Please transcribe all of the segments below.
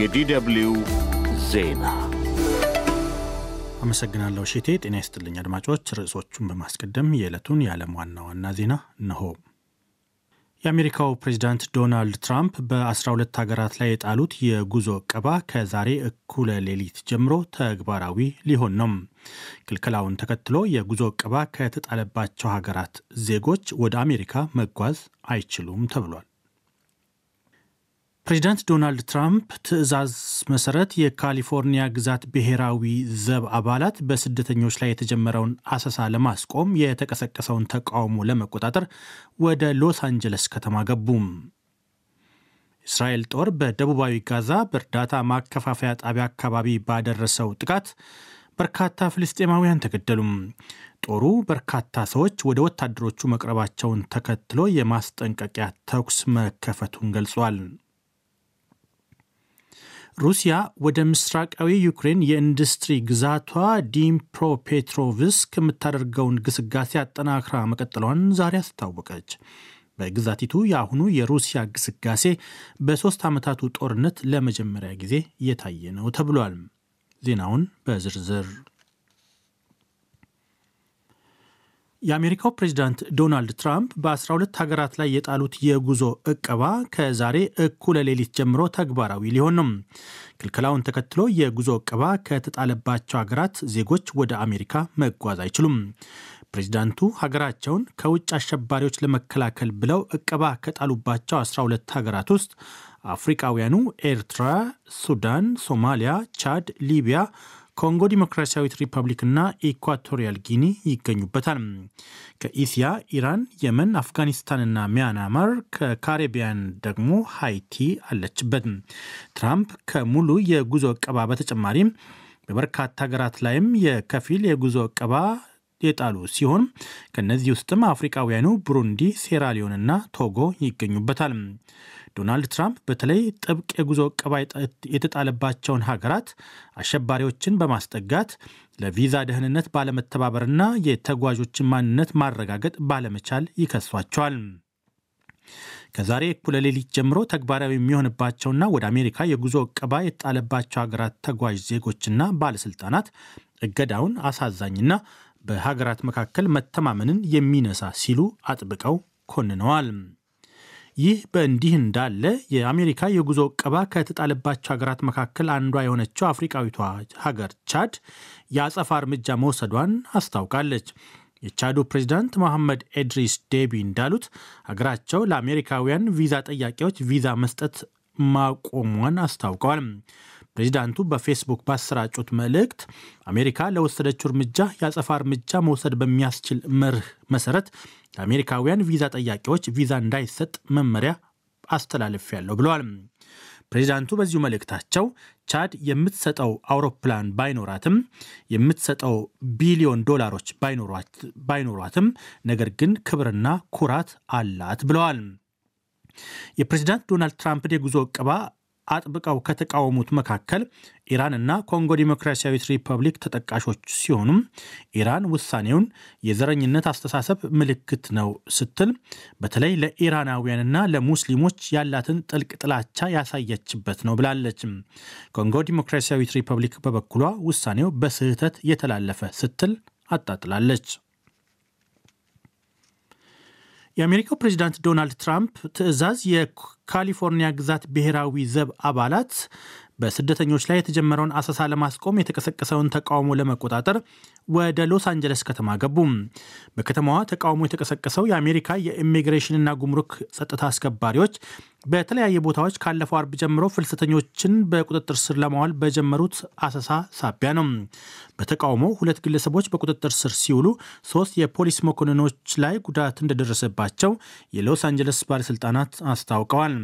የዲደብሊው ዜና አመሰግናለሁ ሼቴ። ጤና ይስጥልኝ አድማጮች። ርዕሶቹን በማስቀደም የዕለቱን የዓለም ዋና ዋና ዜና ነሆ የአሜሪካው ፕሬዚዳንት ዶናልድ ትራምፕ በ12 ሀገራት ላይ የጣሉት የጉዞ ቀባ ከዛሬ እኩለ ሌሊት ጀምሮ ተግባራዊ ሊሆን ነው። ክልከላውን ተከትሎ የጉዞ ቀባ ከተጣለባቸው ሀገራት ዜጎች ወደ አሜሪካ መጓዝ አይችሉም ተብሏል። ፕሬዚዳንት ዶናልድ ትራምፕ ትዕዛዝ መሰረት የካሊፎርኒያ ግዛት ብሔራዊ ዘብ አባላት በስደተኞች ላይ የተጀመረውን አሰሳ ለማስቆም የተቀሰቀሰውን ተቃውሞ ለመቆጣጠር ወደ ሎስ አንጀለስ ከተማ ገቡም። እስራኤል ጦር በደቡባዊ ጋዛ በእርዳታ ማከፋፈያ ጣቢያ አካባቢ ባደረሰው ጥቃት በርካታ ፍልስጤማውያን ተገደሉም። ጦሩ በርካታ ሰዎች ወደ ወታደሮቹ መቅረባቸውን ተከትሎ የማስጠንቀቂያ ተኩስ መከፈቱን ገልጿል። ሩሲያ ወደ ምስራቃዊ ዩክሬን የኢንዱስትሪ ግዛቷ ዲምፕሮፔትሮቭስክ የምታደርገውን ግስጋሴ አጠናክራ መቀጠሏን ዛሬ አስታወቀች። በግዛቲቱ የአሁኑ የሩሲያ ግስጋሴ በሦስት ዓመታቱ ጦርነት ለመጀመሪያ ጊዜ እየታየ ነው ተብሏል። ዜናውን በዝርዝር የአሜሪካው ፕሬዚዳንት ዶናልድ ትራምፕ በ12 ሀገራት ላይ የጣሉት የጉዞ እቀባ ከዛሬ እኩለ ሌሊት ጀምሮ ተግባራዊ ሊሆን ነው። ክልከላውን ተከትሎ የጉዞ እቀባ ከተጣለባቸው ሀገራት ዜጎች ወደ አሜሪካ መጓዝ አይችሉም። ፕሬዚዳንቱ ሀገራቸውን ከውጭ አሸባሪዎች ለመከላከል ብለው እቀባ ከጣሉባቸው 12 ሀገራት ውስጥ አፍሪቃውያኑ ኤርትራ፣ ሱዳን፣ ሶማሊያ፣ ቻድ፣ ሊቢያ ኮንጎ ዲሞክራሲያዊት ሪፐብሊክና ኢኳቶሪያል ጊኒ ይገኙበታል። ከኢሲያ ኢራን፣ የመን፣ አፍጋኒስታንና ሚያንማር ከካሪቢያን ደግሞ ሃይቲ አለችበት። ትራምፕ ከሙሉ የጉዞ እቀባ በተጨማሪ በበርካታ ሀገራት ላይም የከፊል የጉዞ እቀባ የጣሉ ሲሆን ከእነዚህ ውስጥም አፍሪካውያኑ ብሩንዲ፣ ሴራሊዮንና ቶጎ ይገኙበታል። ዶናልድ ትራምፕ በተለይ ጥብቅ የጉዞ እቀባ የተጣለባቸውን ሀገራት አሸባሪዎችን በማስጠጋት ለቪዛ ደህንነት ባለመተባበርና የተጓዦችን ማንነት ማረጋገጥ ባለመቻል ይከሷቸዋል። ከዛሬ እኩለ ሌሊት ጀምሮ ተግባራዊ የሚሆንባቸውና ወደ አሜሪካ የጉዞ እቀባ የተጣለባቸው ሀገራት ተጓዥ ዜጎችና ባለስልጣናት እገዳውን አሳዛኝና በሀገራት መካከል መተማመንን የሚነሳ ሲሉ አጥብቀው ኮንነዋል። ይህ በእንዲህ እንዳለ የአሜሪካ የጉዞ እቀባ ከተጣለባቸው ሀገራት መካከል አንዷ የሆነችው አፍሪቃዊቷ ሀገር ቻድ የአጸፋ እርምጃ መውሰዷን አስታውቃለች። የቻዱ ፕሬዚዳንት መሐመድ ኤድሪስ ዴቢ እንዳሉት ሀገራቸው ለአሜሪካውያን ቪዛ ጠያቂዎች ቪዛ መስጠት ማቆሟን አስታውቀዋል። ፕሬዚዳንቱ በፌስቡክ ባሰራጩት መልእክት አሜሪካ ለወሰደችው እርምጃ የአጸፋ እርምጃ መውሰድ በሚያስችል መርህ መሰረት ለአሜሪካውያን ቪዛ ጠያቂዎች ቪዛ እንዳይሰጥ መመሪያ ያለው ብለዋል። ፕሬዚዳንቱ በዚሁ መልእክታቸው ቻድ የምትሰጠው አውሮፕላን ባይኖራትም የምትሰጠው ቢሊዮን ዶላሮች ባይኖሯትም ነገር ግን ክብርና ኩራት አላት ብለዋል። የፕሬዚዳንት ዶናልድ ትራምፕን የጉዞ ቅባ ። አጥብቀው ከተቃወሙት መካከል ኢራንና ኮንጎ ዲሞክራሲያዊት ሪፐብሊክ ተጠቃሾች ሲሆኑም ኢራን ውሳኔውን የዘረኝነት አስተሳሰብ ምልክት ነው ስትል በተለይ ለኢራናውያንና ለሙስሊሞች ያላትን ጥልቅ ጥላቻ ያሳየችበት ነው ብላለችም። ኮንጎ ዲሞክራሲያዊት ሪፐብሊክ በበኩሏ ውሳኔው በስህተት የተላለፈ ስትል አጣጥላለች። የአሜሪካው ፕሬዚዳንት ዶናልድ ትራምፕ ትዕዛዝ የካሊፎርኒያ ግዛት ብሔራዊ ዘብ አባላት በስደተኞች ላይ የተጀመረውን አሰሳ ለማስቆም የተቀሰቀሰውን ተቃውሞ ለመቆጣጠር ወደ ሎስ አንጀለስ ከተማ ገቡ። በከተማዋ ተቃውሞ የተቀሰቀሰው የአሜሪካ የኢሚግሬሽንና ጉምሩክ ጸጥታ አስከባሪዎች በተለያየ ቦታዎች ካለፈው አርብ ጀምሮ ፍልሰተኞችን በቁጥጥር ስር ለማዋል በጀመሩት አሰሳ ሳቢያ ነው። በተቃውሞ ሁለት ግለሰቦች በቁጥጥር ስር ሲውሉ ሶስት የፖሊስ መኮንኖች ላይ ጉዳት እንደደረሰባቸው የሎስ አንጀለስ ባለስልጣናት አስታውቀዋል።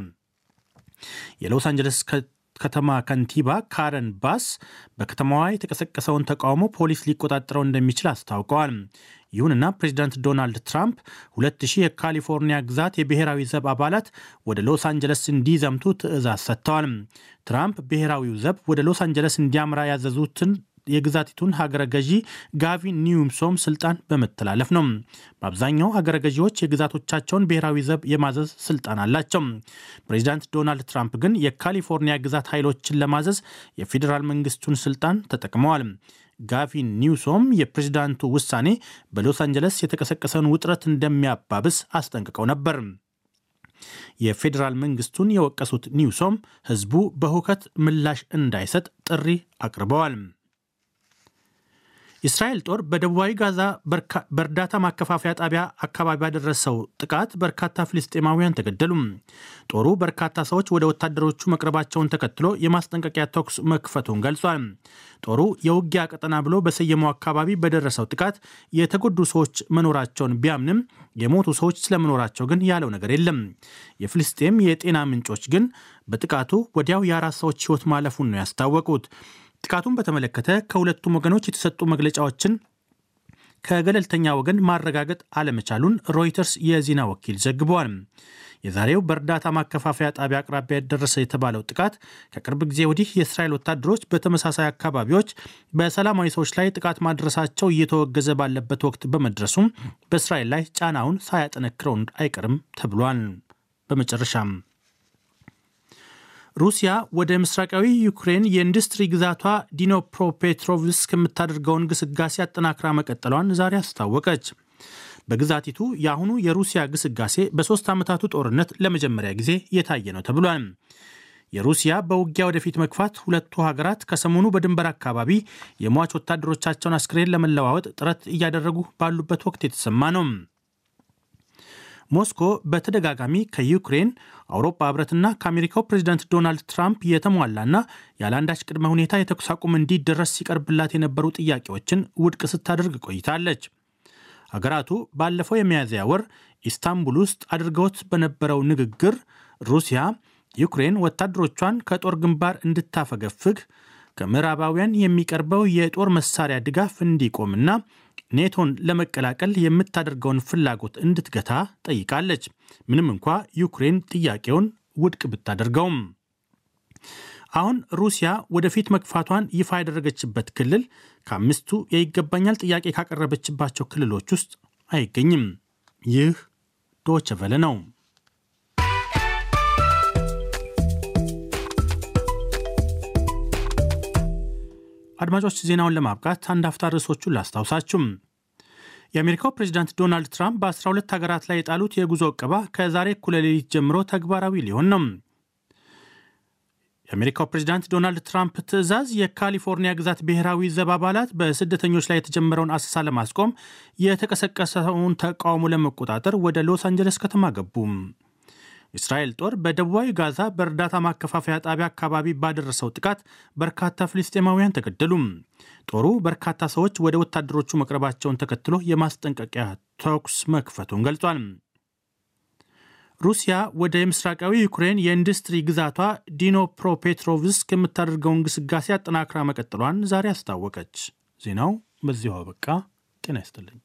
የሎስ አንጀለስ ከተማ ከንቲባ ካረን ባስ በከተማዋ የተቀሰቀሰውን ተቃውሞ ፖሊስ ሊቆጣጠረው እንደሚችል አስታውቀዋል። ይሁንና ፕሬዚዳንት ዶናልድ ትራምፕ 2000 የካሊፎርኒያ ግዛት የብሔራዊ ዘብ አባላት ወደ ሎስ አንጀለስ እንዲዘምቱ ትዕዛዝ ሰጥተዋል። ትራምፕ ብሔራዊው ዘብ ወደ ሎስ አንጀለስ እንዲያምራ ያዘዙትን የግዛቲቱን ሀገረ ገዢ ጋቪን ኒውምሶም ስልጣን በመተላለፍ ነው። በአብዛኛው ሀገረ ገዢዎች የግዛቶቻቸውን ብሔራዊ ዘብ የማዘዝ ስልጣን አላቸው። ፕሬዚዳንት ዶናልድ ትራምፕ ግን የካሊፎርኒያ ግዛት ኃይሎችን ለማዘዝ የፌዴራል መንግስቱን ስልጣን ተጠቅመዋል። ጋቪን ኒውሶም የፕሬዚዳንቱ ውሳኔ በሎስ አንጀለስ የተቀሰቀሰውን ውጥረት እንደሚያባብስ አስጠንቅቀው ነበር። የፌዴራል መንግስቱን የወቀሱት ኒውሶም ህዝቡ በሁከት ምላሽ እንዳይሰጥ ጥሪ አቅርበዋል። የእስራኤል ጦር በደቡባዊ ጋዛ በእርዳታ ማከፋፈያ ጣቢያ አካባቢ ባደረሰው ጥቃት በርካታ ፍልስጤማውያን ተገደሉም። ጦሩ በርካታ ሰዎች ወደ ወታደሮቹ መቅረባቸውን ተከትሎ የማስጠንቀቂያ ተኩስ መክፈቱን ገልጿል። ጦሩ የውጊያ ቀጠና ብሎ በሰየመው አካባቢ በደረሰው ጥቃት የተጎዱ ሰዎች መኖራቸውን ቢያምንም የሞቱ ሰዎች ስለመኖራቸው ግን ያለው ነገር የለም። የፍልስጤም የጤና ምንጮች ግን በጥቃቱ ወዲያው የአራት ሰዎች ሕይወት ማለፉን ነው ያስታወቁት። ጥቃቱን በተመለከተ ከሁለቱም ወገኖች የተሰጡ መግለጫዎችን ከገለልተኛ ወገን ማረጋገጥ አለመቻሉን ሮይተርስ የዜና ወኪል ዘግቧል። የዛሬው በእርዳታ ማከፋፈያ ጣቢያ አቅራቢያ ደረሰ የተባለው ጥቃት ከቅርብ ጊዜ ወዲህ የእስራኤል ወታደሮች በተመሳሳይ አካባቢዎች በሰላማዊ ሰዎች ላይ ጥቃት ማድረሳቸው እየተወገዘ ባለበት ወቅት በመድረሱም በእስራኤል ላይ ጫናውን ሳያጠነክረውን አይቀርም ተብሏል። በመጨረሻም ሩሲያ ወደ ምስራቃዊ ዩክሬን የኢንዱስትሪ ግዛቷ ዲኖፕሮፔትሮቭስክ የምታደርገውን ግስጋሴ አጠናክራ መቀጠሏን ዛሬ አስታወቀች። በግዛቲቱ የአሁኑ የሩሲያ ግስጋሴ በሦስት ዓመታቱ ጦርነት ለመጀመሪያ ጊዜ የታየ ነው ተብሏል። የሩሲያ በውጊያ ወደፊት መግፋት ሁለቱ ሀገራት ከሰሞኑ በድንበር አካባቢ የሟች ወታደሮቻቸውን አስክሬን ለመለዋወጥ ጥረት እያደረጉ ባሉበት ወቅት የተሰማ ነው። ሞስኮ በተደጋጋሚ ከዩክሬን አውሮፓ ህብረትና ከአሜሪካው ፕሬዚዳንት ዶናልድ ትራምፕ የተሟላና ያለአንዳች ቅድመ ሁኔታ የተኩስ አቁም እንዲደረስ ሲቀርብላት የነበሩ ጥያቄዎችን ውድቅ ስታደርግ ቆይታለች። ሀገራቱ ባለፈው የሚያዝያ ወር ኢስታንቡል ውስጥ አድርገውት በነበረው ንግግር ሩሲያ ዩክሬን ወታደሮቿን ከጦር ግንባር እንድታፈገፍግ ከምዕራባውያን የሚቀርበው የጦር መሳሪያ ድጋፍ እንዲቆምና ኔቶን ለመቀላቀል የምታደርገውን ፍላጎት እንድትገታ ጠይቃለች። ምንም እንኳ ዩክሬን ጥያቄውን ውድቅ ብታደርገውም አሁን ሩሲያ ወደፊት መግፋቷን ይፋ ያደረገችበት ክልል ከአምስቱ የይገባኛል ጥያቄ ካቀረበችባቸው ክልሎች ውስጥ አይገኝም። ይህ ዶቸቨለ ነው። አድማጮች፣ ዜናውን ለማብቃት አንድ አፍታ ርዕሶቹን ላስታውሳችሁም። የአሜሪካው ፕሬዚዳንት ዶናልድ ትራምፕ በ12 ሀገራት ላይ የጣሉት የጉዞ ዕቀባ ከዛሬ እኩለ ሌሊት ጀምሮ ተግባራዊ ሊሆን ነው። የአሜሪካው ፕሬዚዳንት ዶናልድ ትራምፕ ትዕዛዝ የካሊፎርኒያ ግዛት ብሔራዊ ዘብ አባላት በስደተኞች ላይ የተጀመረውን አሰሳ ለማስቆም የተቀሰቀሰውን ተቃውሞ ለመቆጣጠር ወደ ሎስ አንጀለስ ከተማ ገቡ። የእስራኤል ጦር በደቡባዊ ጋዛ በእርዳታ ማከፋፈያ ጣቢያ አካባቢ ባደረሰው ጥቃት በርካታ ፍልስጤማውያን ተገደሉም። ጦሩ በርካታ ሰዎች ወደ ወታደሮቹ መቅረባቸውን ተከትሎ የማስጠንቀቂያ ተኩስ መክፈቱን ገልጿል። ሩሲያ ወደ ምስራቃዊ ዩክሬን የኢንዱስትሪ ግዛቷ ዲኒፕሮፔትሮቭስክ የምታደርገውን ግስጋሴ አጠናክራ መቀጠሏን ዛሬ አስታወቀች። ዜናው በዚሁ አበቃ። ጤና ይስጥልኝ።